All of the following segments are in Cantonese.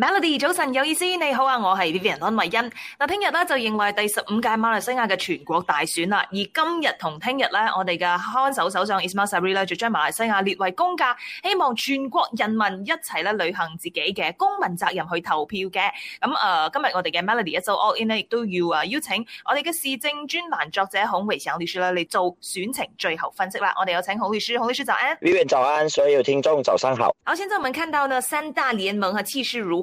Melody，早晨，有意思。你好啊，我係 Vivian 安慧欣。嗱，聽日咧就認為第十五屆馬來西亞嘅全國大選啦。而今日同聽日咧，我哋嘅看守首相依斯邁沙比里咧就將馬來西亞列為公假，希望全國人民一齊咧履行自己嘅公民責任去投票嘅。咁誒，今日我哋嘅 Melody 一周 all in 亦都要啊邀請我哋嘅市政專欄作者孔偉強律師咧嚟做選情最後分析啦。我哋有請孔律師，孔律師早安。Vivian 早安，所有聽眾早上好。好，先在我們看到呢三大聯盟啊，氣勢如。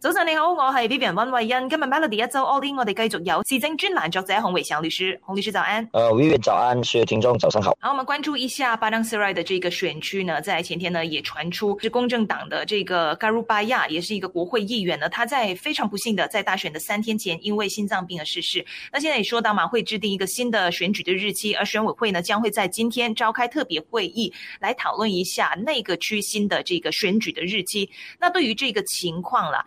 早晨你好，我係 Vivian 温慧欣。今日 Melody 一周 All In，我哋繼續有時政專欄作者洪偉祥律師，洪律師早安。誒，Vivian 早安，所有、呃、聽眾早上好。好，我們關注一下 Padang Serai 的這個選區呢，在前天呢也傳出是公正黨的這個加魯巴亞，也是一個國會議員呢，他在非常不幸的在大選的三天前因為心臟病而逝世。那現在也說到嘛會制定一個新的選舉的日期，而選委會呢將會在今天召開特別會議來討論一下那個區新的這個選舉的日期。那對於這個情況啦。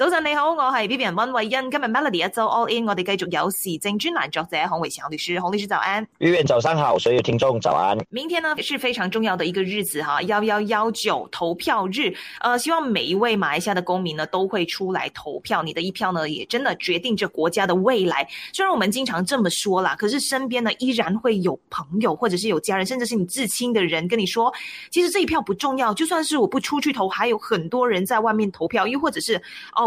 早晨，你好，我係 Vivian 溫慧欣。今日 Melody 一周 All In，我哋繼續有時政專欄作者洪偉祥律師、洪律師早安。語言早上好，所有聽眾早安。明天呢也是非常重要的一個日子哈，幺幺幺九投票日。呃，希望每一位馬來西亞的公民呢都會出來投票，你的一票呢也真的決定着國家的未來。雖然我們經常這麼說啦，可是身邊呢依然會有朋友，或者是有家人，甚至是你至親的人跟你說，其實這一票不重要，就算是我不出去投，還有很多人在外面投票。又或者是哦，